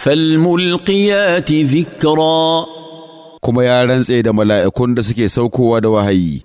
فالملقيات ذكرا كما يا رنس إيدا ملائكون دا سكي سوكوا دا وهي